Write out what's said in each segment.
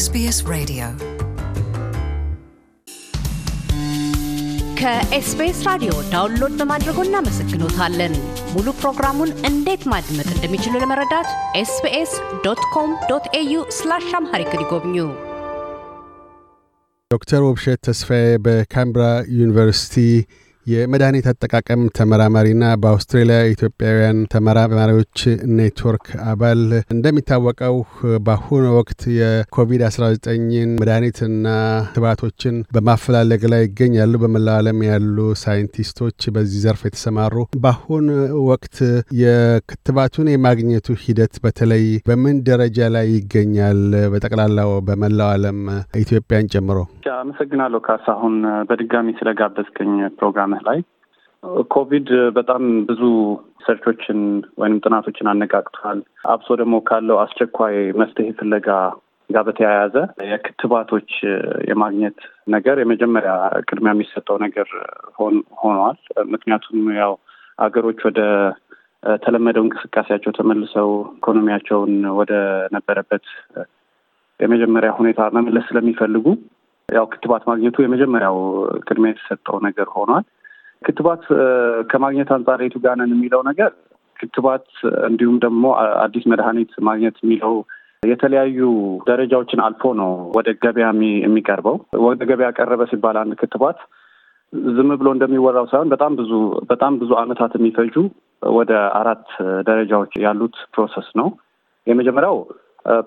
ኤስቢኤስ ሬዲዮ ከኤስቢኤስ ራዲዮ ዳውንሎድ በማድረጎ እናመሰግኖታለን። ሙሉ ፕሮግራሙን እንዴት ማድመጥ እንደሚችሉ ለመረዳት ኤስቢኤስ ዶት ኮም ዶት ኤዩ ስላሽ አምሃሪክ ይጎብኙ። ዶክተር ውብሸት ተስፋዬ በካምብራ ዩኒቨርሲቲ የመድኃኒት አጠቃቀም ተመራማሪና በአውስትሬሊያ ኢትዮጵያውያን ተመራማሪዎች ኔትወርክ አባል። እንደሚታወቀው በአሁኑ ወቅት የኮቪድ 19 መድኃኒትና ክትባቶችን በማፈላለግ ላይ ይገኛሉ በመላው ዓለም ያሉ ሳይንቲስቶች በዚህ ዘርፍ የተሰማሩ። በአሁኑ ወቅት የክትባቱን የማግኘቱ ሂደት በተለይ በምን ደረጃ ላይ ይገኛል? በጠቅላላው በመላው ዓለም ኢትዮጵያን ጨምሮ። አመሰግናለሁ ካሳሁን በድጋሚ ስለጋበዝከኝ ፕሮግራም ዓመት ላይ ኮቪድ በጣም ብዙ ሰርቾችን ወይም ጥናቶችን አነቃቅቷል። አብሶ ደግሞ ካለው አስቸኳይ መፍትሄ ፍለጋ ጋር በተያያዘ የክትባቶች የማግኘት ነገር የመጀመሪያ ቅድሚያ የሚሰጠው ነገር ሆኗል። ምክንያቱም ያው አገሮች ወደ ተለመደው እንቅስቃሴያቸው ተመልሰው ኢኮኖሚያቸውን ወደ ነበረበት የመጀመሪያ ሁኔታ መመለስ ስለሚፈልጉ ያው ክትባት ማግኘቱ የመጀመሪያው ቅድሚያ የተሰጠው ነገር ሆኗል። ክትባት ከማግኘት አንጻር የቱ ጋር ነን የሚለው ነገር ክትባት እንዲሁም ደግሞ አዲስ መድኃኒት ማግኘት የሚለው የተለያዩ ደረጃዎችን አልፎ ነው ወደ ገበያ የሚቀርበው። ወደ ገበያ ቀረበ ሲባል አንድ ክትባት ዝም ብሎ እንደሚወራው ሳይሆን በጣም ብዙ በጣም ብዙ ዓመታት የሚፈጁ ወደ አራት ደረጃዎች ያሉት ፕሮሰስ ነው። የመጀመሪያው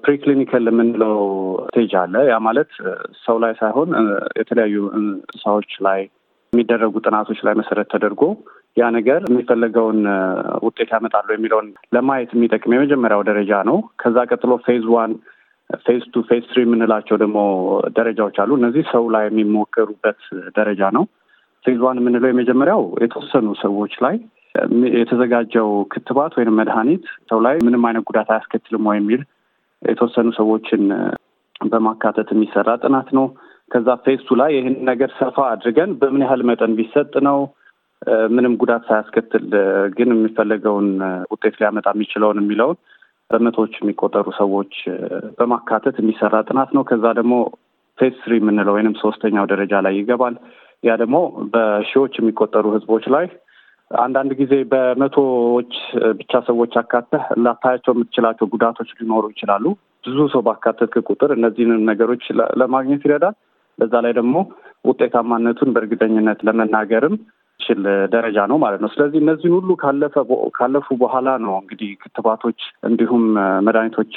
ፕሪክሊኒካል የምንለው ስቴጅ አለ። ያ ማለት ሰው ላይ ሳይሆን የተለያዩ እንስሳዎች ላይ የሚደረጉ ጥናቶች ላይ መሰረት ተደርጎ ያ ነገር የሚፈለገውን ውጤት ያመጣሉ የሚለውን ለማየት የሚጠቅም የመጀመሪያው ደረጃ ነው። ከዛ ቀጥሎ ፌዝ ዋን፣ ፌዝ ቱ፣ ፌዝ ትሪ የምንላቸው ደግሞ ደረጃዎች አሉ። እነዚህ ሰው ላይ የሚሞከሩበት ደረጃ ነው። ፌዝ ዋን የምንለው የመጀመሪያው የተወሰኑ ሰዎች ላይ የተዘጋጀው ክትባት ወይም መድኃኒት ሰው ላይ ምንም አይነት ጉዳት አያስከትልም ወይ የሚል የተወሰኑ ሰዎችን በማካተት የሚሰራ ጥናት ነው። ከዛ ፌስ ቱ ላይ ይህን ነገር ሰፋ አድርገን በምን ያህል መጠን ቢሰጥ ነው ምንም ጉዳት ሳያስከትል ግን የሚፈለገውን ውጤት ሊያመጣ የሚችለውን የሚለውን በመቶዎች የሚቆጠሩ ሰዎች በማካተት የሚሰራ ጥናት ነው። ከዛ ደግሞ ፌስ ስሪ የምንለው ወይንም ሶስተኛው ደረጃ ላይ ይገባል። ያ ደግሞ በሺዎች የሚቆጠሩ ህዝቦች ላይ አንዳንድ ጊዜ በመቶዎች ብቻ ሰዎች አካተህ ላታያቸው የምትችላቸው ጉዳቶች ሊኖሩ ይችላሉ። ብዙ ሰው ባካተትክ ቁጥር እነዚህንም ነገሮች ለማግኘት ይረዳል። በዛ ላይ ደግሞ ውጤታማነቱን በእርግጠኝነት ለመናገርም ችል ደረጃ ነው ማለት ነው። ስለዚህ እነዚህን ሁሉ ካለፈ ካለፉ በኋላ ነው እንግዲህ ክትባቶች እንዲሁም መድኃኒቶች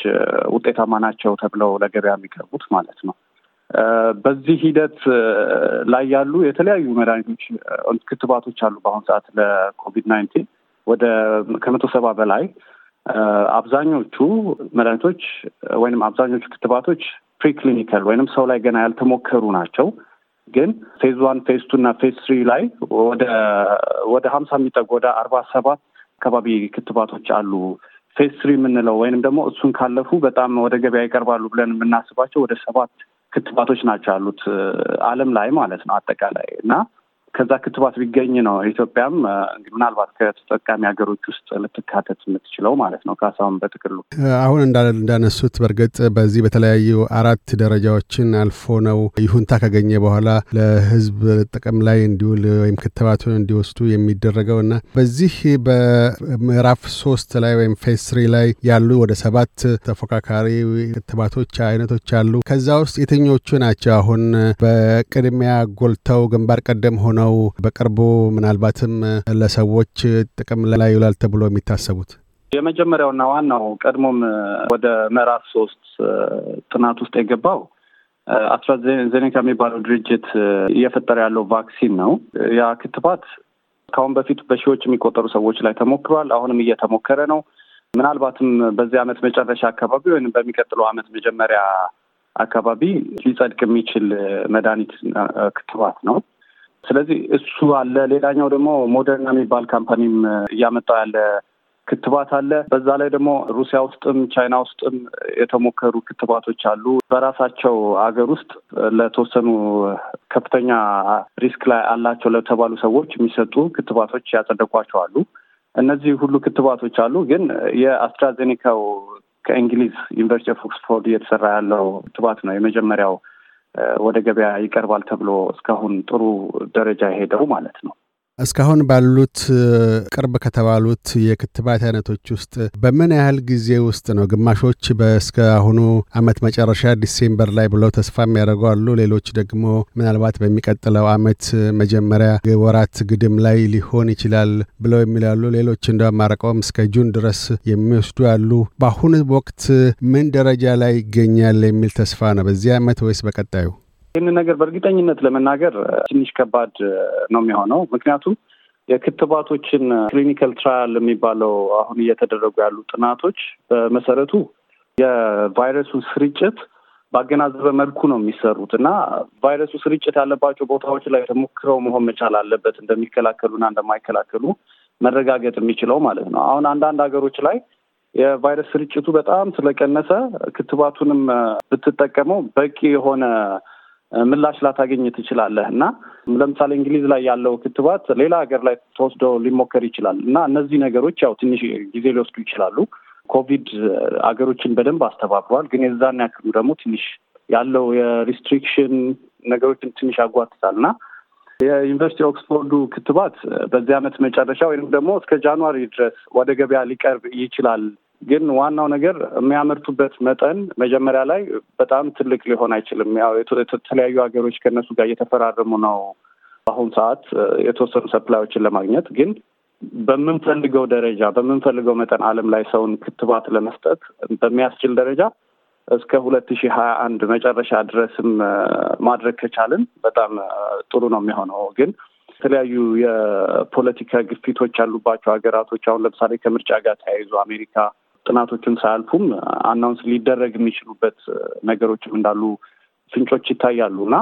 ውጤታማ ናቸው ተብለው ለገበያ የሚቀርቡት ማለት ነው። በዚህ ሂደት ላይ ያሉ የተለያዩ መድኃኒቶች፣ ክትባቶች አሉ። በአሁኑ ሰዓት ለኮቪድ ናይንቲን ወደ ከመቶ ሰባ በላይ አብዛኞቹ መድኃኒቶች ወይም አብዛኞቹ ክትባቶች ፕሪክሊኒካል ወይንም ሰው ላይ ገና ያልተሞከሩ ናቸው። ግን ፌዝ ዋን ፌዝ ቱ እና ፌዝ ትሪ ላይ ወደ ወደ ሀምሳ የሚጠጉ ወደ አርባ ሰባት አካባቢ ክትባቶች አሉ። ፌዝ ትሪ የምንለው ወይንም ደግሞ እሱን ካለፉ በጣም ወደ ገበያ ይቀርባሉ ብለን የምናስባቸው ወደ ሰባት ክትባቶች ናቸው ያሉት ዓለም ላይ ማለት ነው አጠቃላይ እና ከዛ ክትባት ቢገኝ ነው ኢትዮጵያም ምናልባት ከተጠቃሚ ሀገሮች ውስጥ ልትካተት የምትችለው ማለት ነው። ካሳሁን በጥቅሉ አሁን እንዳነሱት በእርግጥ በዚህ በተለያዩ አራት ደረጃዎችን አልፎ ነው ይሁንታ ካገኘ በኋላ ለህዝብ ጥቅም ላይ እንዲውል ወይም ክትባቱን እንዲወስዱ የሚደረገው እና በዚህ በምዕራፍ ሶስት ላይ ወይም ፌስ ስሪ ላይ ያሉ ወደ ሰባት ተፎካካሪ ክትባቶች አይነቶች አሉ። ከዛ ውስጥ የትኞቹ ናቸው አሁን በቅድሚያ ጎልተው ግንባር ቀደም ሆነው ነው በቅርቡ ምናልባትም ለሰዎች ጥቅም ላይ ይውላል ተብሎ የሚታሰቡት? የመጀመሪያውና ዋናው ቀድሞም ወደ ምዕራፍ ሶስት ጥናት ውስጥ የገባው አስትራዜኔካ የሚባለው ድርጅት እየፈጠረ ያለው ቫክሲን ነው። ያ ክትባት ከአሁን በፊት በሺዎች የሚቆጠሩ ሰዎች ላይ ተሞክሯል። አሁንም እየተሞከረ ነው። ምናልባትም በዚህ ዓመት መጨረሻ አካባቢ ወይም በሚቀጥለው ዓመት መጀመሪያ አካባቢ ሊጸድቅ የሚችል መድኃኒት ክትባት ነው። ስለዚህ እሱ አለ። ሌላኛው ደግሞ ሞደርና የሚባል ካምፓኒም እያመጣ ያለ ክትባት አለ። በዛ ላይ ደግሞ ሩሲያ ውስጥም ቻይና ውስጥም የተሞከሩ ክትባቶች አሉ። በራሳቸው አገር ውስጥ ለተወሰኑ ከፍተኛ ሪስክ ላይ አላቸው ለተባሉ ሰዎች የሚሰጡ ክትባቶች ያጸደቋቸው አሉ። እነዚህ ሁሉ ክትባቶች አሉ። ግን የአስትራዜኒካው ከእንግሊዝ ዩኒቨርሲቲ ኦፍ ኦክስፎርድ እየተሰራ ያለው ክትባት ነው የመጀመሪያው ወደ ገበያ ይቀርባል ተብሎ እስካሁን ጥሩ ደረጃ ሄደው ማለት ነው። እስካሁን ባሉት ቅርብ ከተባሉት የክትባት አይነቶች ውስጥ በምን ያህል ጊዜ ውስጥ ነው? ግማሾች በእስከ አሁኑ አመት መጨረሻ ዲሴምበር ላይ ብለው ተስፋ የሚያደርጉ አሉ። ሌሎች ደግሞ ምናልባት በሚቀጥለው አመት መጀመሪያ ወራት ግድም ላይ ሊሆን ይችላል ብለው የሚላሉ፣ ሌሎች እንደ አማረቀውም እስከ ጁን ድረስ የሚወስዱ አሉ። በአሁኑ ወቅት ምን ደረጃ ላይ ይገኛል የሚል ተስፋ ነው? በዚህ አመት ወይስ በቀጣዩ? ይህንን ነገር በእርግጠኝነት ለመናገር ትንሽ ከባድ ነው የሚሆነው ምክንያቱም የክትባቶችን ክሊኒካል ትራያል የሚባለው አሁን እየተደረጉ ያሉ ጥናቶች በመሰረቱ የቫይረሱን ስርጭት ባገናዘበ መልኩ ነው የሚሰሩት እና ቫይረሱ ስርጭት ያለባቸው ቦታዎች ላይ ተሞክረው መሆን መቻል አለበት እንደሚከላከሉና እንደማይከላከሉ መረጋገጥ የሚችለው ማለት ነው። አሁን አንዳንድ ሀገሮች ላይ የቫይረስ ስርጭቱ በጣም ስለቀነሰ ክትባቱንም ብትጠቀመው በቂ የሆነ ምላሽ ላታገኝ ትችላለህ እና ለምሳሌ እንግሊዝ ላይ ያለው ክትባት ሌላ ሀገር ላይ ተወስዶ ሊሞከር ይችላል እና እነዚህ ነገሮች ያው ትንሽ ጊዜ ሊወስዱ ይችላሉ። ኮቪድ አገሮችን በደንብ አስተባብሯል፣ ግን የዛን ያክሉ ደግሞ ትንሽ ያለው የሪስትሪክሽን ነገሮችን ትንሽ ያጓትታል እና የዩኒቨርሲቲ ኦክስፎርዱ ክትባት በዚህ ዓመት መጨረሻ ወይም ደግሞ እስከ ጃንዋሪ ድረስ ወደ ገበያ ሊቀርብ ይችላል ግን ዋናው ነገር የሚያመርቱበት መጠን መጀመሪያ ላይ በጣም ትልቅ ሊሆን አይችልም። ያው የተለያዩ ሀገሮች ከእነሱ ጋር እየተፈራረሙ ነው በአሁኑ ሰዓት የተወሰኑ ሰፕላዮችን ለማግኘት ግን በምንፈልገው ደረጃ በምንፈልገው መጠን ዓለም ላይ ሰውን ክትባት ለመስጠት በሚያስችል ደረጃ እስከ ሁለት ሺህ ሀያ አንድ መጨረሻ ድረስም ማድረግ ከቻልን በጣም ጥሩ ነው የሚሆነው። ግን የተለያዩ የፖለቲካ ግፊቶች ያሉባቸው ሀገራቶች አሁን ለምሳሌ ከምርጫ ጋር ተያይዞ አሜሪካ ጥናቶችን ሳያልፉም አናውንስ ሊደረግ የሚችሉበት ነገሮችም እንዳሉ ፍንጮች ይታያሉ እና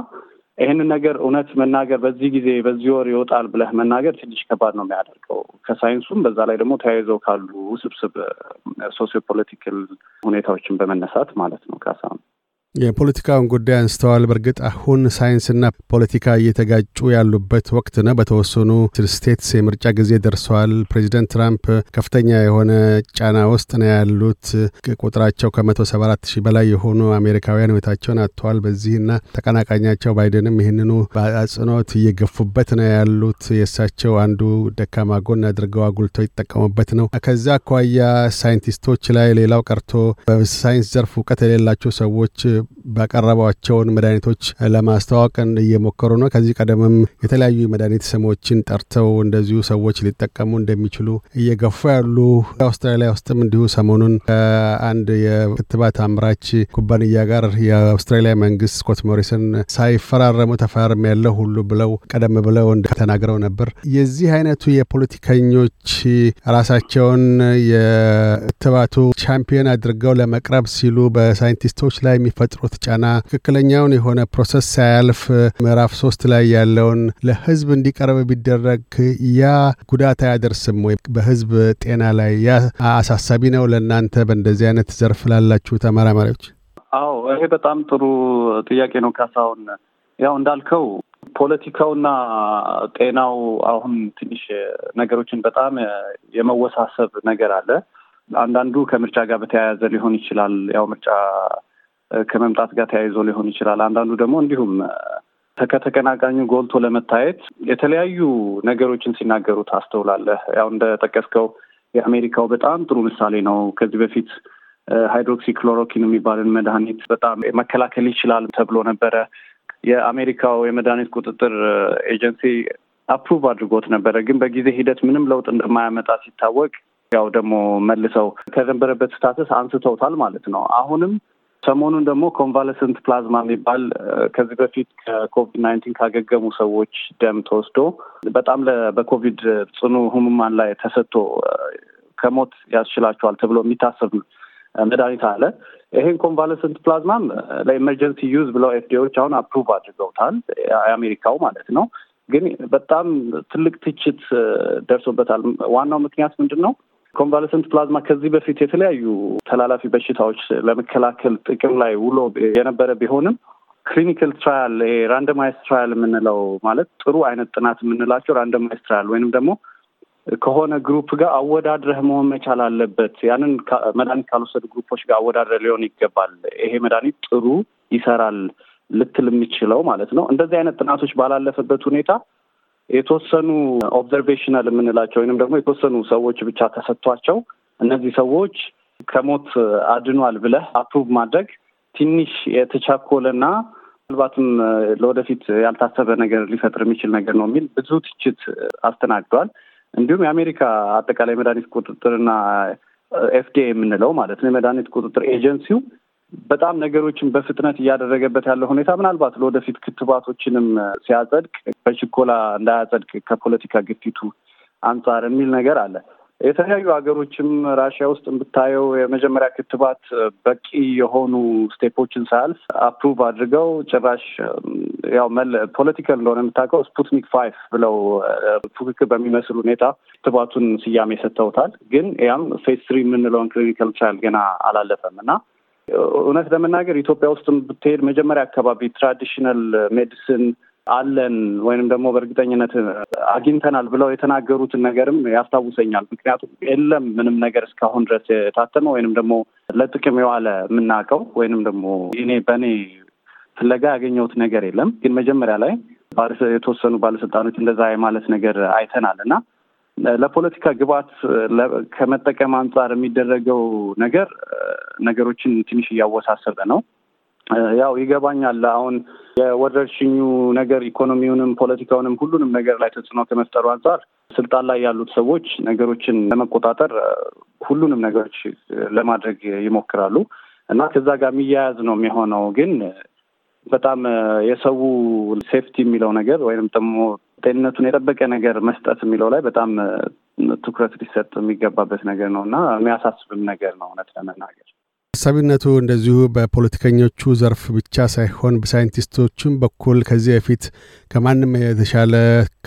ይህንን ነገር እውነት መናገር በዚህ ጊዜ በዚህ ወር ይወጣል ብለህ መናገር ትንሽ ከባድ ነው የሚያደርገው ከሳይንሱም፣ በዛ ላይ ደግሞ ተያይዘው ካሉ ውስብስብ ሶሲዮ ፖለቲካል ሁኔታዎችን በመነሳት ማለት ነው። ካሳሁን የፖለቲካውን ጉዳይ አንስተዋል። በእርግጥ አሁን ሳይንስና ፖለቲካ እየተጋጩ ያሉበት ወቅት ነው። በተወሰኑ ስቴትስ የምርጫ ጊዜ ደርሰዋል። ፕሬዚደንት ትራምፕ ከፍተኛ የሆነ ጫና ውስጥ ነው ያሉት። ቁጥራቸው ከመቶ 174 ሺህ በላይ የሆኑ አሜሪካውያን ህይወታቸውን አጥተዋል። በዚህና ተቀናቃኛቸው ባይደንም ይህንኑ በአጽንኦት እየገፉበት ነው ያሉት። የእሳቸው አንዱ ደካማ ጎን አድርገው አጉልቶ ይጠቀሙበት ነው። ከዛ አኳያ ሳይንቲስቶች ላይ ሌላው ቀርቶ በሳይንስ ዘርፍ እውቀት የሌላቸው ሰዎች ባቀረቧቸውን መድኃኒቶች ለማስተዋወቅ እየሞከሩ ነው። ከዚህ ቀደምም የተለያዩ የመድኃኒት ስሞችን ጠርተው እንደዚሁ ሰዎች ሊጠቀሙ እንደሚችሉ እየገፉ ያሉ አውስትራሊያ ውስጥም እንዲሁ ሰሞኑን ከአንድ የክትባት አምራች ኩባንያ ጋር የአውስትራሊያ መንግስት ስኮት ሞሪሰን ሳይፈራረሙ ተፈራርም ያለው ሁሉ ብለው ቀደም ብለው ተናግረው ነበር። የዚህ አይነቱ የፖለቲከኞች ራሳቸውን የክትባቱ ቻምፒዮን አድርገው ለመቅረብ ሲሉ በሳይንቲስቶች ላይ የሚፈጥ የሚፈጥሩት ጫና ትክክለኛውን የሆነ ፕሮሰስ ሳያልፍ ምዕራፍ ሶስት ላይ ያለውን ለህዝብ እንዲቀርብ ቢደረግ ያ ጉዳት አያደርስም ወይ? በህዝብ ጤና ላይ ያ አሳሳቢ ነው ለእናንተ በእንደዚህ አይነት ዘርፍ ላላችሁ ተመራማሪዎች? አዎ ይሄ በጣም ጥሩ ጥያቄ ነው ካሳሁን። ያው እንዳልከው ፖለቲካውና ጤናው አሁን ትንሽ ነገሮችን በጣም የመወሳሰብ ነገር አለ። አንዳንዱ ከምርጫ ጋር በተያያዘ ሊሆን ይችላል። ያው ምርጫ ከመምጣት ጋር ተያይዞ ሊሆን ይችላል። አንዳንዱ ደግሞ እንዲሁም ከተቀናቃኙ ጎልቶ ለመታየት የተለያዩ ነገሮችን ሲናገሩ ታስተውላለህ። ያው እንደጠቀስከው የአሜሪካው በጣም ጥሩ ምሳሌ ነው። ከዚህ በፊት ሃይድሮክሲክሎሮኪን የሚባልን መድኃኒት በጣም መከላከል ይችላል ተብሎ ነበረ። የአሜሪካው የመድኃኒት ቁጥጥር ኤጀንሲ አፕሩቭ አድርጎት ነበረ። ግን በጊዜ ሂደት ምንም ለውጥ እንደማያመጣ ሲታወቅ ያው ደግሞ መልሰው ከነበረበት ስታትስ አንስተውታል ማለት ነው። አሁንም ሰሞኑን ደግሞ ኮንቫለሰንት ፕላዝማ የሚባል ከዚህ በፊት ከኮቪድ ናይንቲን ካገገሙ ሰዎች ደም ተወስዶ በጣም በኮቪድ ጽኑ ህሙማን ላይ ተሰጥቶ ከሞት ያስችላቸዋል ተብሎ የሚታሰብ መድኃኒት አለ። ይሄን ኮንቫለሰንት ፕላዝማም ለኢመርጀንሲ ዩዝ ብለው ኤፍዲኤዎች አሁን አፕሩቭ አድርገውታል፣ የአሜሪካው ማለት ነው። ግን በጣም ትልቅ ትችት ደርሶበታል። ዋናው ምክንያት ምንድን ነው? ኮንቫለሰንት ፕላዝማ ከዚህ በፊት የተለያዩ ተላላፊ በሽታዎች ለመከላከል ጥቅም ላይ ውሎ የነበረ ቢሆንም ክሊኒካል ትራያል ራንደማይዝ ትራያል የምንለው ማለት ጥሩ አይነት ጥናት የምንላቸው ራንደማይዝ ትራያል ወይንም ደግሞ ከሆነ ግሩፕ ጋር አወዳድረህ መሆን መቻል አለበት። ያንን መድኃኒት ካልወሰዱ ግሩፖች ጋር አወዳድረህ ሊሆን ይገባል። ይሄ መድኃኒት ጥሩ ይሰራል ልትል የሚችለው ማለት ነው። እንደዚህ አይነት ጥናቶች ባላለፈበት ሁኔታ የተወሰኑ ኦብዘርቬሽናል የምንላቸው ወይንም ደግሞ የተወሰኑ ሰዎች ብቻ ተሰጥቷቸው እነዚህ ሰዎች ከሞት አድኗል ብለህ አፕሩቭ ማድረግ ትንሽ የተቻኮለና ምናልባትም ለወደፊት ያልታሰበ ነገር ሊፈጥር የሚችል ነገር ነው የሚል ብዙ ትችት አስተናግዷል። እንዲሁም የአሜሪካ አጠቃላይ መድኃኒት ቁጥጥርና ኤፍዲኤ የምንለው ማለት ነው የመድኃኒት ቁጥጥር ኤጀንሲው በጣም ነገሮችን በፍጥነት እያደረገበት ያለው ሁኔታ ምናልባት ለወደፊት ክትባቶችንም ሲያጸድቅ በችኮላ እንዳያጸድቅ ከፖለቲካ ግፊቱ አንጻር የሚል ነገር አለ። የተለያዩ ሀገሮችም ራሽያ ውስጥ ብታየው የመጀመሪያ ክትባት በቂ የሆኑ ስቴፖችን ሳያልፍ አፕሩቭ አድርገው ጭራሽ ያው መለ ፖለቲካል እንደሆነ የምታውቀው ስፑትኒክ ፋይፍ ብለው ፉክክር በሚመስል ሁኔታ ክትባቱን ስያሜ ሰጥተውታል። ግን ያም ፌስ ትሪ የምንለውን ክሊኒካል ትራያል ገና አላለፈም እና እውነት ለመናገር ኢትዮጵያ ውስጥም ብትሄድ መጀመሪያ አካባቢ ትራዲሽናል ሜዲሲን አለን ወይንም ደግሞ በእርግጠኝነት አግኝተናል ብለው የተናገሩትን ነገርም ያስታውሰኛል። ምክንያቱም የለም ምንም ነገር እስካሁን ድረስ የታተመ ወይንም ደግሞ ለጥቅም የዋለ የምናውቀው ወይንም ደግሞ እኔ በእኔ ፍለጋ ያገኘሁት ነገር የለም። ግን መጀመሪያ ላይ የተወሰኑ ባለስልጣኖች እንደዛ የማለት ነገር አይተናል እና ለፖለቲካ ግብዓት ከመጠቀም አንጻር የሚደረገው ነገር ነገሮችን ትንሽ እያወሳሰበ ነው። ያው ይገባኛል። አሁን የወረርሽኙ ነገር ኢኮኖሚውንም፣ ፖለቲካውንም ሁሉንም ነገር ላይ ተጽዕኖ ከመፍጠሩ አንጻር ስልጣን ላይ ያሉት ሰዎች ነገሮችን ለመቆጣጠር ሁሉንም ነገሮች ለማድረግ ይሞክራሉ እና ከዛ ጋር የሚያያዝ ነው የሚሆነው ግን በጣም የሰው ሴፍቲ የሚለው ነገር ወይም ደግሞ ጤንነቱን የጠበቀ ነገር መስጠት የሚለው ላይ በጣም ትኩረት ሊሰጥ የሚገባበት ነገር ነው እና የሚያሳስብም ነገር ነው እውነት ለመናገር። አሳቢነቱ እንደዚሁ በፖለቲከኞቹ ዘርፍ ብቻ ሳይሆን በሳይንቲስቶችም በኩል ከዚህ በፊት ከማንም የተሻለ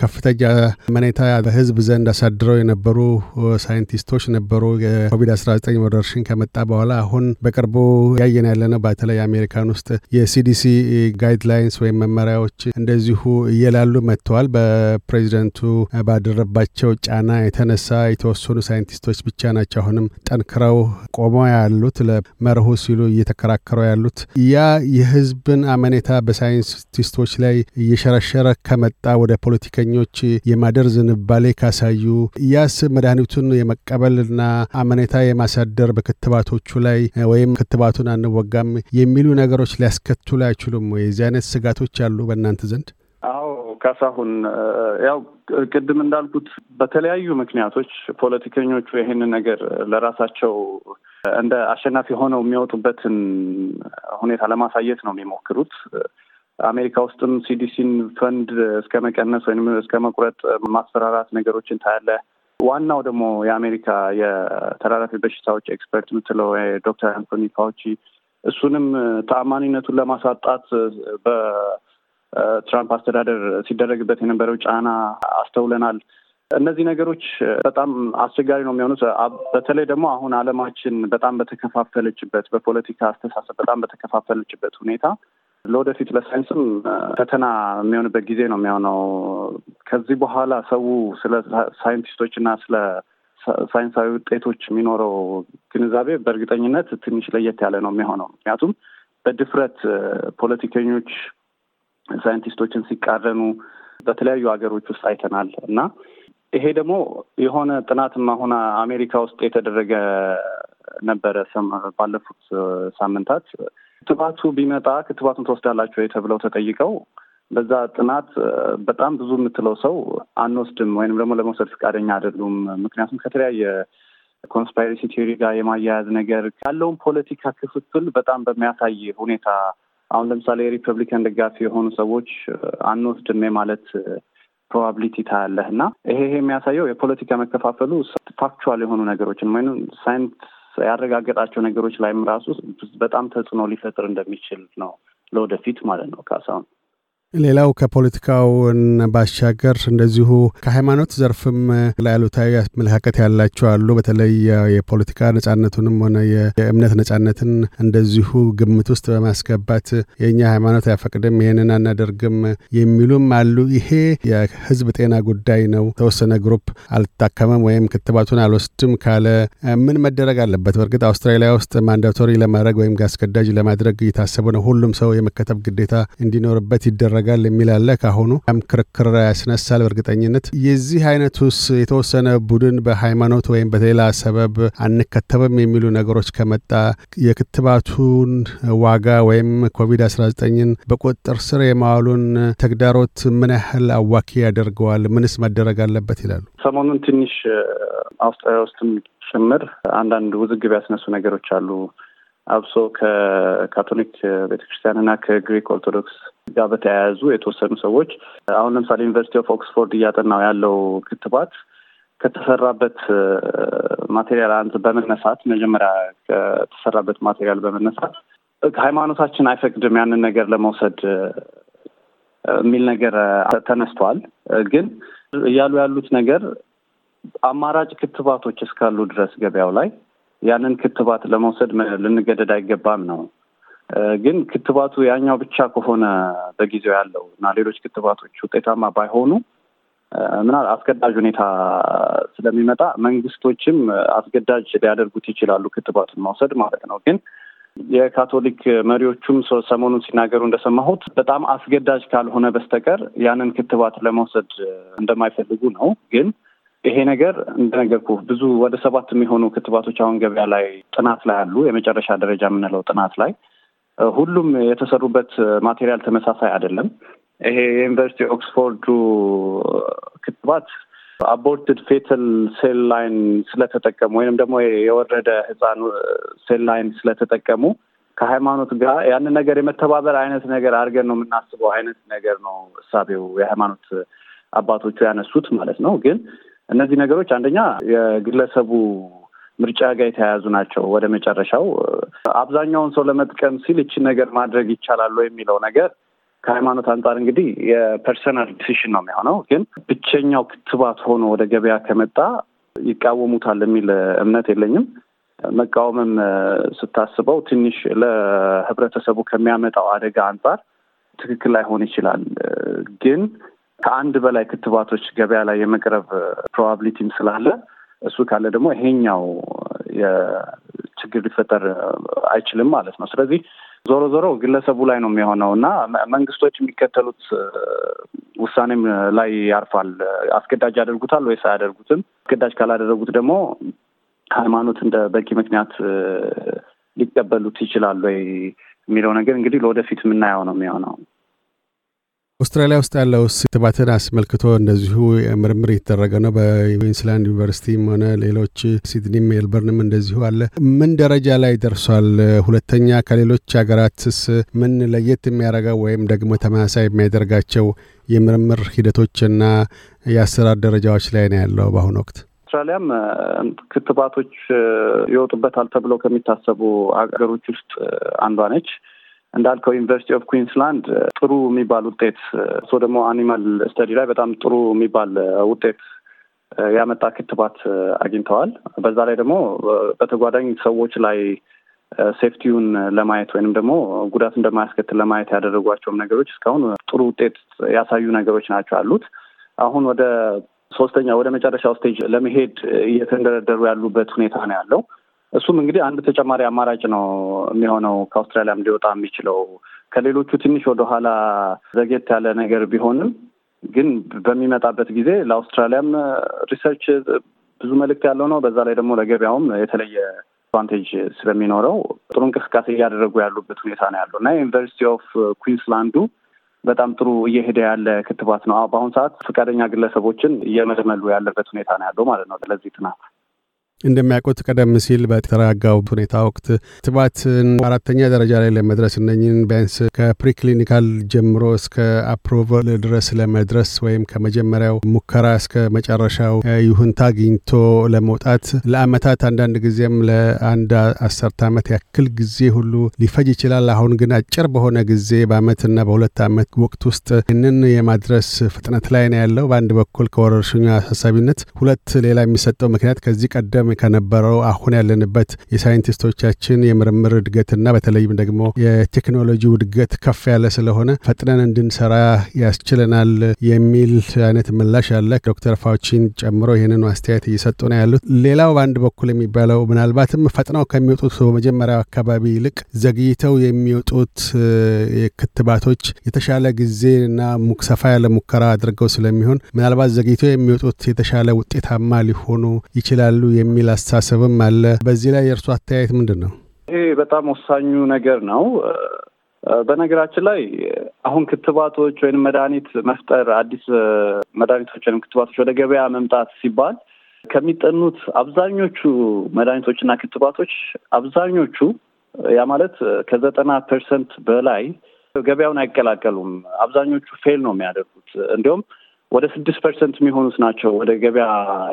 ከፍተኛ መኔታ በህዝብ ዘንድ አሳድረው የነበሩ ሳይንቲስቶች ነበሩ። የኮቪድ-19 ወረርሽኝ ከመጣ በኋላ አሁን በቅርቡ ያየን ያለነው በተለይ አሜሪካን ውስጥ የሲዲሲ ጋይድላይንስ ወይም መመሪያዎች እንደዚሁ እየላሉ መጥተዋል። በፕሬዚደንቱ ባደረባቸው ጫና የተነሳ የተወሰኑ ሳይንቲስቶች ብቻ ናቸው አሁንም ጠንክረው ቆመው ያሉት ለመርሁ ሲሉ እየተከራከረው ያሉት። ያ የህዝብን አመኔታ በሳይንቲስቶች ላይ እየሸረሸረ ከመጣ ወደ ፖለቲከ ጓደኞች የማደር ዝንባሌ ካሳዩ ያስ መድኃኒቱን የመቀበልና አመኔታ የማሳደር በክትባቶቹ ላይ ወይም ክትባቱን አንወጋም የሚሉ ነገሮች ሊያስከትሉ አይችሉም ወይ? የዚህ አይነት ስጋቶች አሉ በእናንተ ዘንድ? አዎ ካሳሁን፣ ያው ቅድም እንዳልኩት በተለያዩ ምክንያቶች ፖለቲከኞቹ ይህን ነገር ለራሳቸው እንደ አሸናፊ ሆነው የሚወጡበትን ሁኔታ ለማሳየት ነው የሚሞክሩት። አሜሪካ ውስጥም ሲዲሲን ፈንድ እስከ መቀነስ ወይም እስከ መቁረጥ ማስፈራራት ነገሮችን ታያለ። ዋናው ደግሞ የአሜሪካ የተላላፊ በሽታዎች ኤክስፐርት የምትለው ዶክተር አንቶኒ ፋውቺ እሱንም ተአማኒነቱን ለማሳጣት በትራምፕ አስተዳደር ሲደረግበት የነበረው ጫና አስተውለናል። እነዚህ ነገሮች በጣም አስቸጋሪ ነው የሚሆኑት። በተለይ ደግሞ አሁን አለማችን በጣም በተከፋፈለችበት በፖለቲካ አስተሳሰብ በጣም በተከፋፈለችበት ሁኔታ ለወደፊት ለሳይንስም ፈተና የሚሆንበት ጊዜ ነው የሚሆነው። ከዚህ በኋላ ሰው ስለ ሳይንቲስቶች እና ስለ ሳይንሳዊ ውጤቶች የሚኖረው ግንዛቤ በእርግጠኝነት ትንሽ ለየት ያለ ነው የሚሆነው። ምክንያቱም በድፍረት ፖለቲከኞች ሳይንቲስቶችን ሲቃረኑ በተለያዩ ሀገሮች ውስጥ አይተናል እና ይሄ ደግሞ የሆነ ጥናትም አሁን አሜሪካ ውስጥ የተደረገ ነበረ ባለፉት ሳምንታት ክትባቱ ቢመጣ ክትባቱን ትወስዳላችሁ ወይ ተብለው ተጠይቀው በዛ ጥናት በጣም ብዙ የምትለው ሰው አንወስድም ወይም ደግሞ ለመውሰድ ፈቃደኛ አይደሉም። ምክንያቱም ከተለያየ ኮንስፓይሬሲ ቴዎሪ ጋር የማያያዝ ነገር ያለውን ፖለቲካ ክፍፍል በጣም በሚያሳይ ሁኔታ አሁን ለምሳሌ የሪፐብሊካን ደጋፊ የሆኑ ሰዎች አንወስድም ማለት ፕሮባብሊቲ ታያለህ እና ይሄ የሚያሳየው የፖለቲካ መከፋፈሉ ፋክቹዋል የሆኑ ነገሮችን ወይም ሳይንስ ያረጋገጣቸው ነገሮች ላይም ራሱ በጣም ተጽዕኖ ሊፈጥር እንደሚችል ነው ለወደፊት ማለት ነው ካሳሁን ሌላው ከፖለቲካውን ባሻገር እንደዚሁ ከሃይማኖት ዘርፍም ላይ አመለካከት ያላቸው አሉ። በተለይ የፖለቲካ ነጻነቱንም ሆነ የእምነት ነጻነትን እንደዚሁ ግምት ውስጥ በማስገባት የእኛ ሃይማኖት አይፈቅድም፣ ይህንን አናደርግም የሚሉም አሉ። ይሄ የህዝብ ጤና ጉዳይ ነው። ተወሰነ ግሩፕ አልታከመም ወይም ክትባቱን አልወስድም ካለ ምን መደረግ አለበት? በእርግጥ አውስትራሊያ ውስጥ ማንዳቶሪ ለማድረግ ወይም አስገዳጅ ለማድረግ እየታሰቡ ነው። ሁሉም ሰው የመከተብ ግዴታ እንዲኖርበት ይደረ ይደረጋል የሚል አለ። ካሁኑ ያም ክርክር ያስነሳል። በእርግጠኝነት የዚህ አይነቱስ የተወሰነ ቡድን በሃይማኖት ወይም በሌላ ሰበብ አንከተብም የሚሉ ነገሮች ከመጣ የክትባቱን ዋጋ ወይም ኮቪድ-19ን በቁጥጥር ስር የማዋሉን ተግዳሮት ምን ያህል አዋኪ ያደርገዋል? ምንስ መደረግ አለበት ይላሉ። ሰሞኑን ትንሽ አውስትራሊያ ውስጥም ጭምር አንዳንድ ውዝግብ ያስነሱ ነገሮች አሉ። አብሶ ከካቶሊክ ቤተክርስቲያንና ከግሪክ ኦርቶዶክስ ጋር በተያያዙ የተወሰኑ ሰዎች አሁን ለምሳሌ ዩኒቨርሲቲ ኦፍ ኦክስፎርድ እያጠናው ያለው ክትባት ከተሰራበት ማቴሪያል አንድ በመነሳት መጀመሪያ ከተሰራበት ማቴሪያል በመነሳት ሃይማኖታችን አይፈቅድም ያንን ነገር ለመውሰድ የሚል ነገር ተነስቷል። ግን እያሉ ያሉት ነገር አማራጭ ክትባቶች እስካሉ ድረስ ገበያው ላይ ያንን ክትባት ለመውሰድ ልንገደድ አይገባም ነው። ግን ክትባቱ ያኛው ብቻ ከሆነ በጊዜው ያለው እና ሌሎች ክትባቶች ውጤታማ ባይሆኑ ምናል አስገዳጅ ሁኔታ ስለሚመጣ መንግስቶችም አስገዳጅ ሊያደርጉት ይችላሉ ክትባቱን መውሰድ ማለት ነው። ግን የካቶሊክ መሪዎቹም ሰሞኑን ሲናገሩ እንደሰማሁት በጣም አስገዳጅ ካልሆነ በስተቀር ያንን ክትባት ለመውሰድ እንደማይፈልጉ ነው። ግን ይሄ ነገር እንደነገርኩ ብዙ ወደ ሰባት የሚሆኑ ክትባቶች አሁን ገበያ ላይ ጥናት ላይ አሉ። የመጨረሻ ደረጃ የምንለው ጥናት ላይ ሁሉም የተሰሩበት ማቴሪያል ተመሳሳይ አይደለም። ይሄ የዩኒቨርሲቲ ኦክስፎርዱ ክትባት አቦርትድ ፌተል ሴል ላይን ስለተጠቀሙ ወይም ደግሞ የወረደ ህፃን ሴል ላይን ስለተጠቀሙ ከሃይማኖት ጋር ያንን ነገር የመተባበር አይነት ነገር አድርገን ነው የምናስበው አይነት ነገር ነው እሳቤው የሃይማኖት አባቶቹ ያነሱት ማለት ነው። ግን እነዚህ ነገሮች አንደኛ የግለሰቡ ምርጫ ጋር የተያያዙ ናቸው። ወደ መጨረሻው አብዛኛውን ሰው ለመጥቀም ሲል ይችን ነገር ማድረግ ይቻላል የሚለው ነገር ከሃይማኖት አንጻር እንግዲህ የፐርሰናል ዲሲሽን ነው የሚሆነው። ግን ብቸኛው ክትባት ሆኖ ወደ ገበያ ከመጣ ይቃወሙታል የሚል እምነት የለኝም። መቃወምም ስታስበው ትንሽ ለህብረተሰቡ ከሚያመጣው አደጋ አንጻር ትክክል ላይሆን ይችላል። ግን ከአንድ በላይ ክትባቶች ገበያ ላይ የመቅረብ ፕሮባብሊቲም ስላለ እሱ ካለ ደግሞ ይሄኛው ችግር ሊፈጠር አይችልም ማለት ነው። ስለዚህ ዞሮ ዞሮ ግለሰቡ ላይ ነው የሚሆነው እና መንግስቶች የሚከተሉት ውሳኔም ላይ ያርፋል። አስገዳጅ ያደርጉታል ወይስ አያደርጉትም? አስገዳጅ ካላደረጉት ደግሞ ሃይማኖት እንደ በቂ ምክንያት ሊቀበሉት ይችላል ወይ የሚለው ነገር እንግዲህ ለወደፊት የምናየው ነው የሚሆነው። አውስትራሊያ ውስጥ ያለው ክትባትን አስመልክቶ እንደዚሁ ምርምር እየተደረገ ነው። በኩዊንስላንድ ዩኒቨርሲቲም ሆነ ሌሎች ሲድኒ፣ ሜልበርንም እንደዚሁ አለ። ምን ደረጃ ላይ ደርሷል? ሁለተኛ ከሌሎች ሀገራትስ ምን ለየት የሚያደርገው ወይም ደግሞ ተመሳሳይ የሚያደርጋቸው የምርምር ሂደቶችና የአሰራር ደረጃዎች ላይ ነው ያለው በአሁኑ ወቅት? አውስትራሊያም ክትባቶች ይወጡበታል ተብለው ከሚታሰቡ ሀገሮች ውስጥ አንዷ ነች። እንዳልከው ዩኒቨርሲቲ ኦፍ ኩዊንስላንድ ጥሩ የሚባል ውጤት እሱ ደግሞ አኒማል ስተዲ ላይ በጣም ጥሩ የሚባል ውጤት ያመጣ ክትባት አግኝተዋል። በዛ ላይ ደግሞ በተጓዳኝ ሰዎች ላይ ሴፍቲውን ለማየት ወይንም ደግሞ ጉዳት እንደማያስከትል ለማየት ያደረጓቸውም ነገሮች እስካሁን ጥሩ ውጤት ያሳዩ ነገሮች ናቸው አሉት። አሁን ወደ ሶስተኛ ወደ መጨረሻው ስቴጅ ለመሄድ እየተንደረደሩ ያሉበት ሁኔታ ነው ያለው። እሱም እንግዲህ አንድ ተጨማሪ አማራጭ ነው የሚሆነው ከአውስትራሊያም ሊወጣ የሚችለው ከሌሎቹ ትንሽ ወደኋላ ዘጌት ያለ ነገር ቢሆንም ግን በሚመጣበት ጊዜ ለአውስትራሊያም ሪሰርች ብዙ መልእክት ያለው ነው። በዛ ላይ ደግሞ ለገበያውም የተለየ አድቫንቴጅ ስለሚኖረው ጥሩ እንቅስቃሴ እያደረጉ ያሉበት ሁኔታ ነው ያለው እና ዩኒቨርሲቲ ኦፍ ኩዊንስላንዱ በጣም ጥሩ እየሄደ ያለ ክትባት ነው። በአሁኑ ሰዓት ፈቃደኛ ግለሰቦችን እየመልመሉ ያለበት ሁኔታ ነው ያለው ማለት ነው ለዚህ ጥናት እንደሚያውቁት ቀደም ሲል በተረጋጋው ሁኔታ ወቅት ክትባትን አራተኛ ደረጃ ላይ ለመድረስ እነኝን ቢያንስ ከፕሪክሊኒካል ጀምሮ እስከ አፕሮቨል ድረስ ለመድረስ ወይም ከመጀመሪያው ሙከራ እስከ መጨረሻው ይሁንታ አግኝቶ ለመውጣት ለአመታት አንዳንድ ጊዜም ለአንድ አሰርተ ዓመት ያክል ጊዜ ሁሉ ሊፈጅ ይችላል። አሁን ግን አጭር በሆነ ጊዜ በአመትና በሁለት ዓመት ወቅት ውስጥ ይህንን የማድረስ ፍጥነት ላይ ነው ያለው። በአንድ በኩል ከወረርሽኙ አሳሳቢነት፣ ሁለት ሌላ የሚሰጠው ምክንያት ከዚህ ቀደም ቀደም ከነበረው አሁን ያለንበት የሳይንቲስቶቻችን የምርምር እድገትና በተለይም ደግሞ የቴክኖሎጂ እድገት ከፍ ያለ ስለሆነ ፈጥነን እንድንሰራ ያስችለናል የሚል አይነት ምላሽ አለ። ዶክተር ፋውቺን ጨምሮ ይህንን አስተያየት እየሰጡ ነው ያሉት። ሌላው በአንድ በኩል የሚባለው ምናልባትም ፈጥነው ከሚወጡት በመጀመሪያው አካባቢ ይልቅ ዘግይተው የሚወጡት ክትባቶች የተሻለ ጊዜ ሰፋ ያለ ሙከራ አድርገው ስለሚሆን ምናልባት ዘግይተው የሚወጡት የተሻለ ውጤታማ ሊሆኑ ይችላሉ የሚ የሚል አስተሳሰብም አለ። በዚህ ላይ የእርሱ አተያየት ምንድን ነው? ይሄ በጣም ወሳኙ ነገር ነው። በነገራችን ላይ አሁን ክትባቶች ወይም መድኃኒት መፍጠር አዲስ መድኃኒቶች ወይም ክትባቶች ወደ ገበያ መምጣት ሲባል ከሚጠኑት አብዛኞቹ መድኃኒቶች እና ክትባቶች አብዛኞቹ ያ ማለት ከዘጠና ፐርሰንት በላይ ገበያውን አይቀላቀሉም። አብዛኞቹ ፌል ነው የሚያደርጉት። እንዲሁም ወደ ስድስት ፐርሰንት የሚሆኑት ናቸው ወደ ገበያ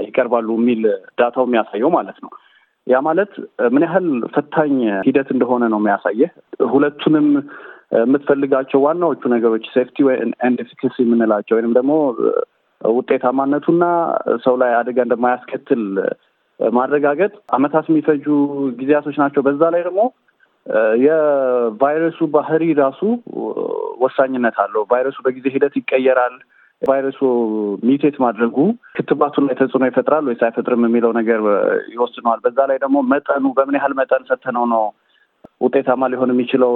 ይቀርባሉ የሚል ዳታው የሚያሳየው ማለት ነው። ያ ማለት ምን ያህል ፈታኝ ሂደት እንደሆነ ነው የሚያሳየ ሁለቱንም የምትፈልጋቸው ዋናዎቹ ነገሮች ሴፍቲ ኤንድ ኤፊካሲ የምንላቸው ወይንም ደግሞ ውጤታማነቱና ሰው ላይ አደጋ እንደማያስከትል ማረጋገጥ አመታት የሚፈጁ ጊዜያቶች ናቸው። በዛ ላይ ደግሞ የቫይረሱ ባህሪ ራሱ ወሳኝነት አለው። ቫይረሱ በጊዜ ሂደት ይቀየራል። ቫይረሱ ሚውቴት ማድረጉ ክትባቱ ላይ ተጽዕኖ ይፈጥራል ወይስ አይፈጥርም የሚለው ነገር ይወስነዋል። በዛ ላይ ደግሞ መጠኑ በምን ያህል መጠን ሰተነው ነው ውጤታማ ሊሆን የሚችለው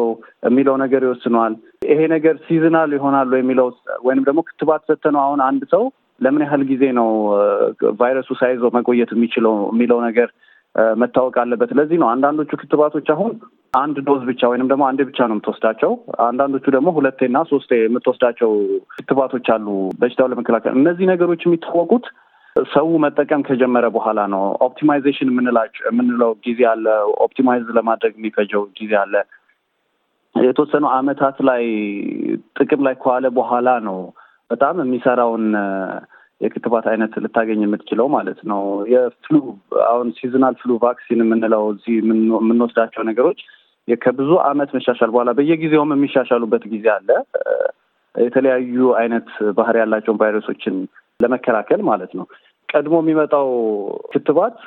የሚለው ነገር ይወስነዋል። ይሄ ነገር ሲዝናል ይሆናሉ የሚለው ወይንም ደግሞ ክትባት ሰተነው አሁን አንድ ሰው ለምን ያህል ጊዜ ነው ቫይረሱ ሳይዞ መቆየት የሚችለው የሚለው ነገር መታወቅ አለበት። ለዚህ ነው አንዳንዶቹ ክትባቶች አሁን አንድ ዶዝ ብቻ ወይንም ደግሞ አንዴ ብቻ ነው የምትወስዳቸው። አንዳንዶቹ ደግሞ ሁለቴና ሶስቴ የምትወስዳቸው ክትባቶች አሉ በሽታው ለመከላከል። እነዚህ ነገሮች የሚታወቁት ሰው መጠቀም ከጀመረ በኋላ ነው። ኦፕቲማይዜሽን የምንላቸው የምንለው ጊዜ አለ። ኦፕቲማይዝ ለማድረግ የሚፈጀው ጊዜ አለ። የተወሰኑ አመታት ላይ ጥቅም ላይ ከዋለ በኋላ ነው በጣም የሚሰራውን የክትባት አይነት ልታገኝ የምትችለው ማለት ነው። የፍሉ አሁን ሲዝናል ፍሉ ቫክሲን የምንለው እዚህ የምንወስዳቸው ነገሮች ከብዙ አመት መሻሻል በኋላ በየጊዜውም የሚሻሻሉበት ጊዜ አለ። የተለያዩ አይነት ባህሪ ያላቸውን ቫይረሶችን ለመከላከል ማለት ነው። ቀድሞ የሚመጣው ክትባት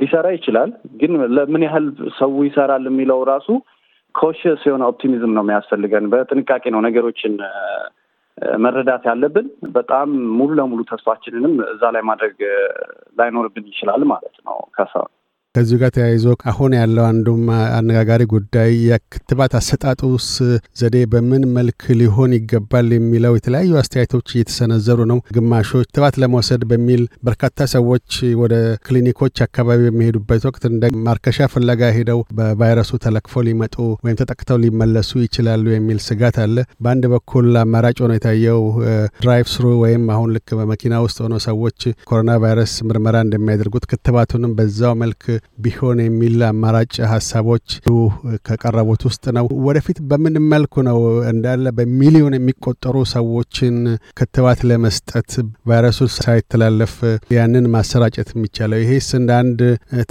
ሊሰራ ይችላል፣ ግን ለምን ያህል ሰው ይሰራል የሚለው ራሱ ኮሽስ የሆነ ኦፕቲሚዝም ነው የሚያስፈልገን። በጥንቃቄ ነው ነገሮችን መረዳት ያለብን በጣም ሙሉ ለሙሉ ተስፋችንንም እዛ ላይ ማድረግ ላይኖርብን ይችላል ማለት ነው ከሰው ከዚሁ ጋር ተያይዞ አሁን ያለው አንዱም አነጋጋሪ ጉዳይ የክትባት አሰጣጡስ ዘዴ በምን መልክ ሊሆን ይገባል የሚለው የተለያዩ አስተያየቶች እየተሰነዘሩ ነው። ግማሾች ክትባት ለመውሰድ በሚል በርካታ ሰዎች ወደ ክሊኒኮች አካባቢ በሚሄዱበት ወቅት እንደ ማርከሻ ፍለጋ ሄደው በቫይረሱ ተለክፈው ሊመጡ ወይም ተጠቅተው ሊመለሱ ይችላሉ የሚል ስጋት አለ። በአንድ በኩል አማራጭ ሆኖ የታየው ድራይቭ ስሩ ወይም አሁን ልክ በመኪና ውስጥ ሆነው ሰዎች ኮሮና ቫይረስ ምርመራ እንደሚያደርጉት ክትባቱንም በዛው መልክ ቢሆን የሚል አማራጭ ሀሳቦች ከቀረቡት ውስጥ ነው። ወደፊት በምን መልኩ ነው እንዳለ በሚሊዮን የሚቆጠሩ ሰዎችን ክትባት ለመስጠት ቫይረሱ ሳይተላለፍ ያንን ማሰራጨት የሚቻለው? ይሄስ እንደ አንድ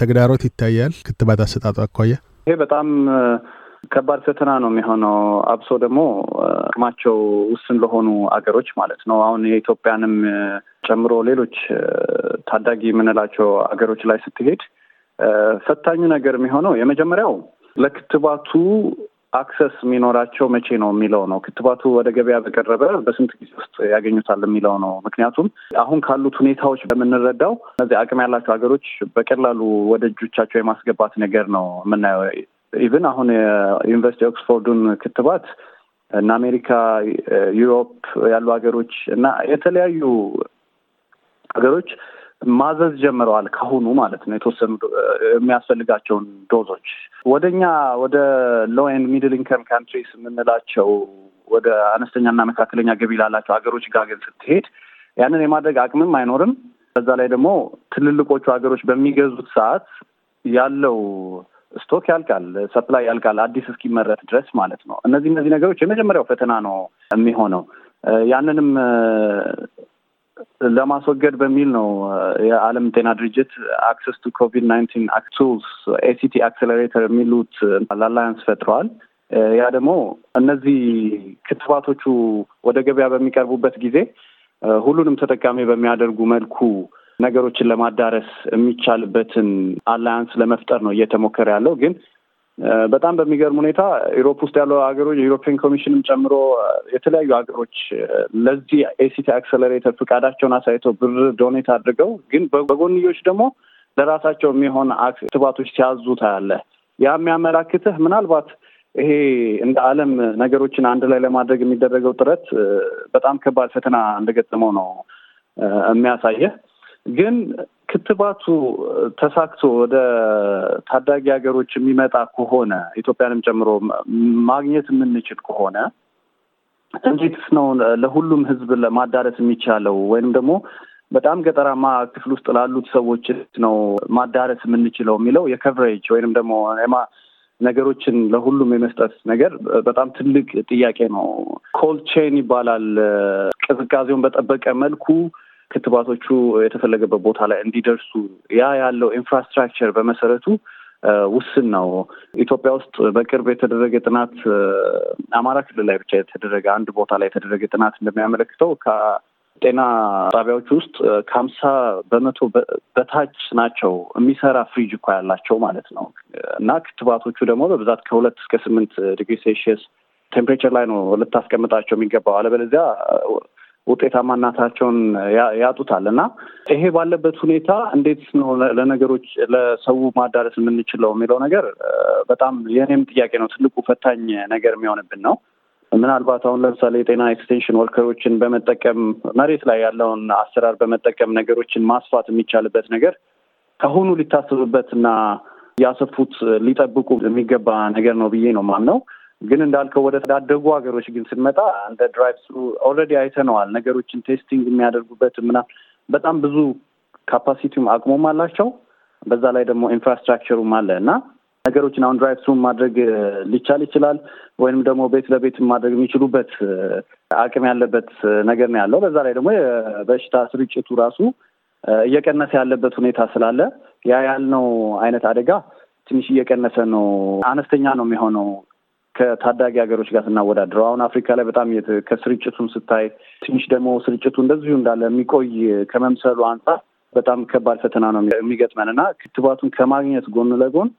ተግዳሮት ይታያል። ክትባት አሰጣጡ አኳያ ይሄ በጣም ከባድ ፈተና ነው የሚሆነው። አብሶ ደግሞ አቅማቸው ውስን ለሆኑ አገሮች ማለት ነው። አሁን የኢትዮጵያንም ጨምሮ ሌሎች ታዳጊ የምንላቸው አገሮች ላይ ስትሄድ ፈታኙ ነገር የሚሆነው የመጀመሪያው ለክትባቱ አክሰስ የሚኖራቸው መቼ ነው የሚለው ነው። ክትባቱ ወደ ገበያ በቀረበ በስንት ጊዜ ውስጥ ያገኙታል የሚለው ነው። ምክንያቱም አሁን ካሉት ሁኔታዎች በምንረዳው እነዚህ አቅም ያላቸው ሀገሮች በቀላሉ ወደ እጆቻቸው የማስገባት ነገር ነው የምናየው። ኢቭን አሁን የዩኒቨርሲቲ ኦክስፎርዱን ክትባት እና አሜሪካ፣ ዩሮፕ ያሉ ሀገሮች እና የተለያዩ ሀገሮች ማዘዝ ጀምረዋል ከሆኑ ማለት ነው። የተወሰኑ የሚያስፈልጋቸውን ዶዞች ወደ እኛ ወደ ሎው ኤንድ ሚድል ኢንከም ካንትሪስ የምንላቸው ወደ አነስተኛና መካከለኛ ገቢ ላላቸው ሀገሮች ጋር ግን ስትሄድ ያንን የማድረግ አቅምም አይኖርም። በዛ ላይ ደግሞ ትልልቆቹ ሀገሮች በሚገዙት ሰዓት ያለው ስቶክ ያልቃል፣ ሰፕላይ ያልቃል፣ አዲስ እስኪመረት ድረስ ማለት ነው። እነዚህ እነዚህ ነገሮች የመጀመሪያው ፈተና ነው የሚሆነው። ያንንም ለማስወገድ በሚል ነው የዓለም ጤና ድርጅት አክሰስ ቱ ኮቪድ ናይንቲን አክት ቱልስ ኤሲቲ አክሰለሬተር የሚሉት ላላያንስ ፈጥረዋል። ያ ደግሞ እነዚህ ክትባቶቹ ወደ ገበያ በሚቀርቡበት ጊዜ ሁሉንም ተጠቃሚ በሚያደርጉ መልኩ ነገሮችን ለማዳረስ የሚቻልበትን አላያንስ ለመፍጠር ነው እየተሞከረ ያለው ግን በጣም በሚገርም ሁኔታ ኢሮፕ ውስጥ ያለው ሀገሮች የዩሮፒያን ኮሚሽንም ጨምሮ የተለያዩ ሀገሮች ለዚህ ኤሲቲ አክሰለሬተር ፍቃዳቸውን አሳይተው ብር ዶኔት አድርገው ግን በጎንዮች ደግሞ ለራሳቸው የሚሆን ክትባቶች ሲያዙ ታያለ። ያ የሚያመላክትህ ምናልባት ይሄ እንደ ዓለም ነገሮችን አንድ ላይ ለማድረግ የሚደረገው ጥረት በጣም ከባድ ፈተና እንደገጠመው ነው የሚያሳየህ ግን ክትባቱ ተሳክቶ ወደ ታዳጊ ሀገሮች የሚመጣ ከሆነ ኢትዮጵያንም ጨምሮ ማግኘት የምንችል ከሆነ እንዴት ነው ለሁሉም ህዝብ ለማዳረስ የሚቻለው ወይንም ደግሞ በጣም ገጠራማ ክፍል ውስጥ ላሉት ሰዎች ነው ማዳረስ የምንችለው የሚለው የከቨሬጅ ወይንም ደግሞ ነገሮችን ለሁሉም የመስጠት ነገር በጣም ትልቅ ጥያቄ ነው። ኮልቼን ይባላል። ቅዝቃዜውን በጠበቀ መልኩ ክትባቶቹ የተፈለገበት ቦታ ላይ እንዲደርሱ ያ ያለው ኢንፍራስትራክቸር በመሰረቱ ውስን ነው። ኢትዮጵያ ውስጥ በቅርብ የተደረገ ጥናት አማራ ክልል ላይ ብቻ የተደረገ አንድ ቦታ ላይ የተደረገ ጥናት እንደሚያመለክተው ከጤና ጣቢያዎች ውስጥ ከሀምሳ በመቶ በታች ናቸው የሚሰራ ፍሪጅ እኳ ያላቸው ማለት ነው። እና ክትባቶቹ ደግሞ በብዛት ከሁለት እስከ ስምንት ዲግሪ ሴልሺየስ ቴምፕሬቸር ላይ ነው ልታስቀምጣቸው የሚገባው አለበለዚያ ውጤታማነታቸውን ያጡታል እና ይሄ ባለበት ሁኔታ እንዴት ነው ለነገሮች ለሰው ማዳረስ የምንችለው የሚለው ነገር በጣም የእኔም ጥያቄ ነው። ትልቁ ፈታኝ ነገር የሚሆንብን ነው። ምናልባት አሁን ለምሳሌ የጤና ኤክስቴንሽን ወርከሮችን በመጠቀም መሬት ላይ ያለውን አሰራር በመጠቀም ነገሮችን ማስፋት የሚቻልበት ነገር ከሆኑ ሊታሰብበት እና ያሰፉት ሊጠብቁ የሚገባ ነገር ነው ብዬ ነው ማምነው። ግን እንዳልከው ወደ ተዳደጉ ሀገሮች ግን ስንመጣ እንደ ድራይቭ ስሩ ኦልሬዲ አይተነዋል። ነገሮችን ቴስቲንግ የሚያደርጉበት ምናምን በጣም ብዙ ካፓሲቲውም አቅሙም አላቸው። በዛ ላይ ደግሞ ኢንፍራስትራክቸሩም አለ እና ነገሮችን አሁን ድራይቭ ስሩ ማድረግ ሊቻል ይችላል፣ ወይም ደግሞ ቤት ለቤት ማድረግ የሚችሉበት አቅም ያለበት ነገር ነው ያለው። በዛ ላይ ደግሞ የበሽታ ስርጭቱ ራሱ እየቀነሰ ያለበት ሁኔታ ስላለ ያ ያልነው አይነት አደጋ ትንሽ እየቀነሰ ነው፣ አነስተኛ ነው የሚሆነው ከታዳጊ ሀገሮች ጋር ስናወዳድረው አሁን አፍሪካ ላይ በጣም ከስርጭቱም ስታይ ትንሽ ደግሞ ስርጭቱ እንደዚሁ እንዳለ የሚቆይ ከመምሰሉ አንጻር በጣም ከባድ ፈተና ነው የሚገጥመን እና ክትባቱን ከማግኘት ጎን ለጎን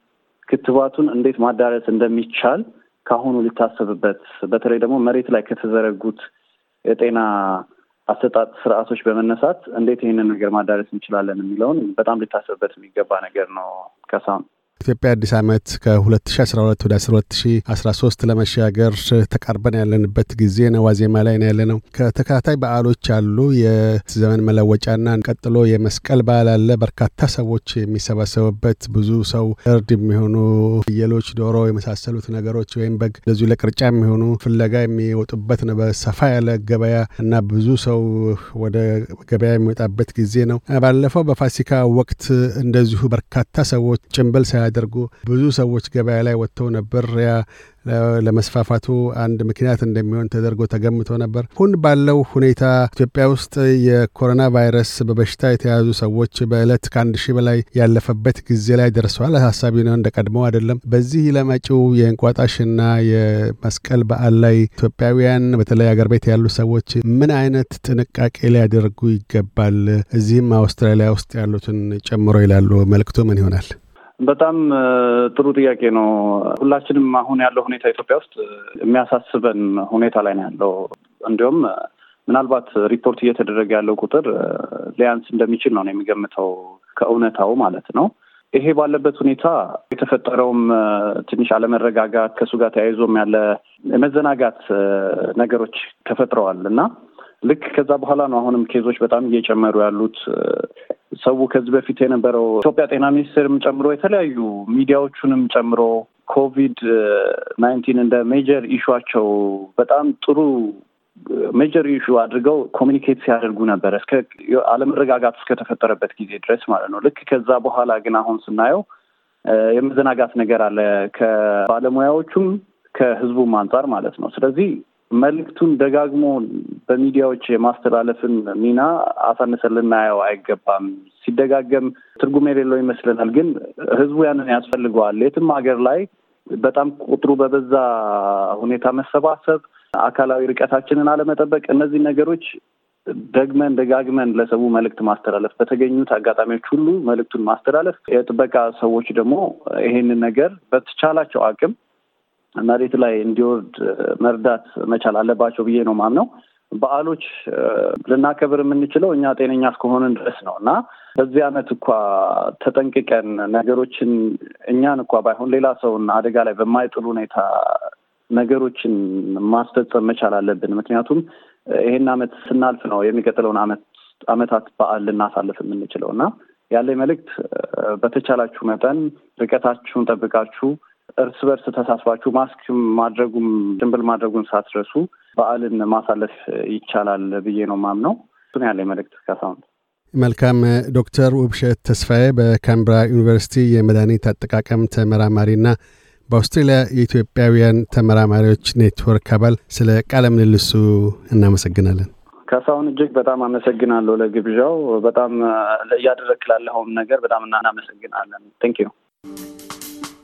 ክትባቱን እንዴት ማዳረስ እንደሚቻል ከአሁኑ ሊታሰብበት በተለይ ደግሞ መሬት ላይ ከተዘረጉት የጤና አሰጣጥ ስርዓቶች በመነሳት እንዴት ይህንን ነገር ማዳረስ እንችላለን የሚለውን በጣም ሊታሰብበት የሚገባ ነገር ነው። ከሳም ኢትዮጵያ አዲስ ዓመት ከ2012 ወደ 2013 ለመሻገር ተቃርበን ያለንበት ጊዜ ነው። ዋዜማ ላይ ነው ነው። ከተከታታይ በዓሎች አሉ። የዘመን መለወጫና ቀጥሎ የመስቀል በዓል አለ። በርካታ ሰዎች የሚሰባሰቡበት ብዙ ሰው እርድ የሚሆኑ ፍየሎች፣ ዶሮ የመሳሰሉት ነገሮች ወይም በግ እንደዚሁ ለቅርጫ የሚሆኑ ፍለጋ የሚወጡበት ነው። በሰፋ ያለ ገበያ እና ብዙ ሰው ወደ ገበያ የሚወጣበት ጊዜ ነው። ባለፈው በፋሲካ ወቅት እንደዚሁ በርካታ ሰዎች ጭንብል ሳያ ሳያደርጉ ብዙ ሰዎች ገበያ ላይ ወጥተው ነበር። ያ ለመስፋፋቱ አንድ ምክንያት እንደሚሆን ተደርጎ ተገምቶ ነበር። አሁን ባለው ሁኔታ ኢትዮጵያ ውስጥ የኮሮና ቫይረስ በበሽታ የተያዙ ሰዎች በዕለት ከአንድ ሺህ በላይ ያለፈበት ጊዜ ላይ ደርሰዋል። አሳሳቢ ነው፣ እንደ ቀድሞው አይደለም። በዚህ ለመጪው የእንቁጣጣሽና የመስቀል በዓል ላይ ኢትዮጵያውያን በተለይ አገር ቤት ያሉ ሰዎች ምን አይነት ጥንቃቄ ሊያደርጉ ይገባል? እዚህም አውስትራሊያ ውስጥ ያሉትን ጨምሮ ይላሉ። መልእክቱ ምን ይሆናል? በጣም ጥሩ ጥያቄ ነው። ሁላችንም አሁን ያለው ሁኔታ ኢትዮጵያ ውስጥ የሚያሳስበን ሁኔታ ላይ ነው ያለው። እንዲሁም ምናልባት ሪፖርት እየተደረገ ያለው ቁጥር ሊያንስ እንደሚችል ነው የሚገምተው ከእውነታው ማለት ነው። ይሄ ባለበት ሁኔታ የተፈጠረውም ትንሽ አለመረጋጋት ከእሱ ጋር ተያይዞም ያለ የመዘናጋት ነገሮች ተፈጥረዋል እና ልክ ከዛ በኋላ ነው አሁንም ኬዞች በጣም እየጨመሩ ያሉት። ሰው ከዚህ በፊት የነበረው ኢትዮጵያ ጤና ሚኒስቴርም ጨምሮ የተለያዩ ሚዲያዎቹንም ጨምሮ ኮቪድ ናይንቲን እንደ ሜጀር ኢሹዋቸው በጣም ጥሩ ሜጀር ኢሹ አድርገው ኮሚኒኬት ሲያደርጉ ነበር እስከ አለመረጋጋት እስከተፈጠረበት ጊዜ ድረስ ማለት ነው። ልክ ከዛ በኋላ ግን አሁን ስናየው የመዘናጋት ነገር አለ ከባለሙያዎቹም ከህዝቡም አንጻር ማለት ነው። ስለዚህ መልእክቱን ደጋግሞ በሚዲያዎች የማስተላለፍን ሚና አሳንሰን ልናየው አይገባም። ሲደጋገም ትርጉም የሌለው ይመስለናል፣ ግን ህዝቡ ያንን ያስፈልገዋል። የትም ሀገር ላይ በጣም ቁጥሩ በበዛ ሁኔታ መሰባሰብ፣ አካላዊ ርቀታችንን አለመጠበቅ፣ እነዚህ ነገሮች ደግመን ደጋግመን ለሰው መልእክት ማስተላለፍ፣ በተገኙት አጋጣሚዎች ሁሉ መልእክቱን ማስተላለፍ፣ የጥበቃ ሰዎች ደግሞ ይሄንን ነገር በተቻላቸው አቅም መሬት ላይ እንዲወርድ መርዳት መቻል አለባቸው ብዬ ነው ማምነው። በዓሎች ልናከብር የምንችለው እኛ ጤነኛ እስከሆንን ድረስ ነው እና በዚህ አመት እኳ ተጠንቅቀን ነገሮችን እኛን እኳ ባይሆን ሌላ ሰውን አደጋ ላይ በማይጥሉ ሁኔታ ነገሮችን ማስፈጸም መቻል አለብን። ምክንያቱም ይሄን አመት ስናልፍ ነው የሚቀጥለውን አመታት በአል በዓል ልናሳልፍ የምንችለው እና ያለ መልእክት በተቻላችሁ መጠን ርቀታችሁን ጠብቃችሁ እርስ በርስ ተሳስባችሁ ማስክ ማድረጉም ጭንብል ማድረጉን ሳትረሱ በዓልን ማሳለፍ ይቻላል ብዬ ነው ማምነው። እሱን ያለ መልእክት እስካሳሁን መልካም ዶክተር ውብሸት ተስፋዬ በካምብራ ዩኒቨርሲቲ የመድኃኒት አጠቃቀም ተመራማሪና በአውስትራሊያ የኢትዮጵያውያን ተመራማሪዎች ኔትወርክ አባል ስለ ቃለ ምልልሱ እናመሰግናለን። ከሳሁን እጅግ በጣም አመሰግናለሁ ለግብዣው። በጣም እያደረግ ላለኸውም ነገር በጣም እናመሰግናለን። ቴንክ ዩ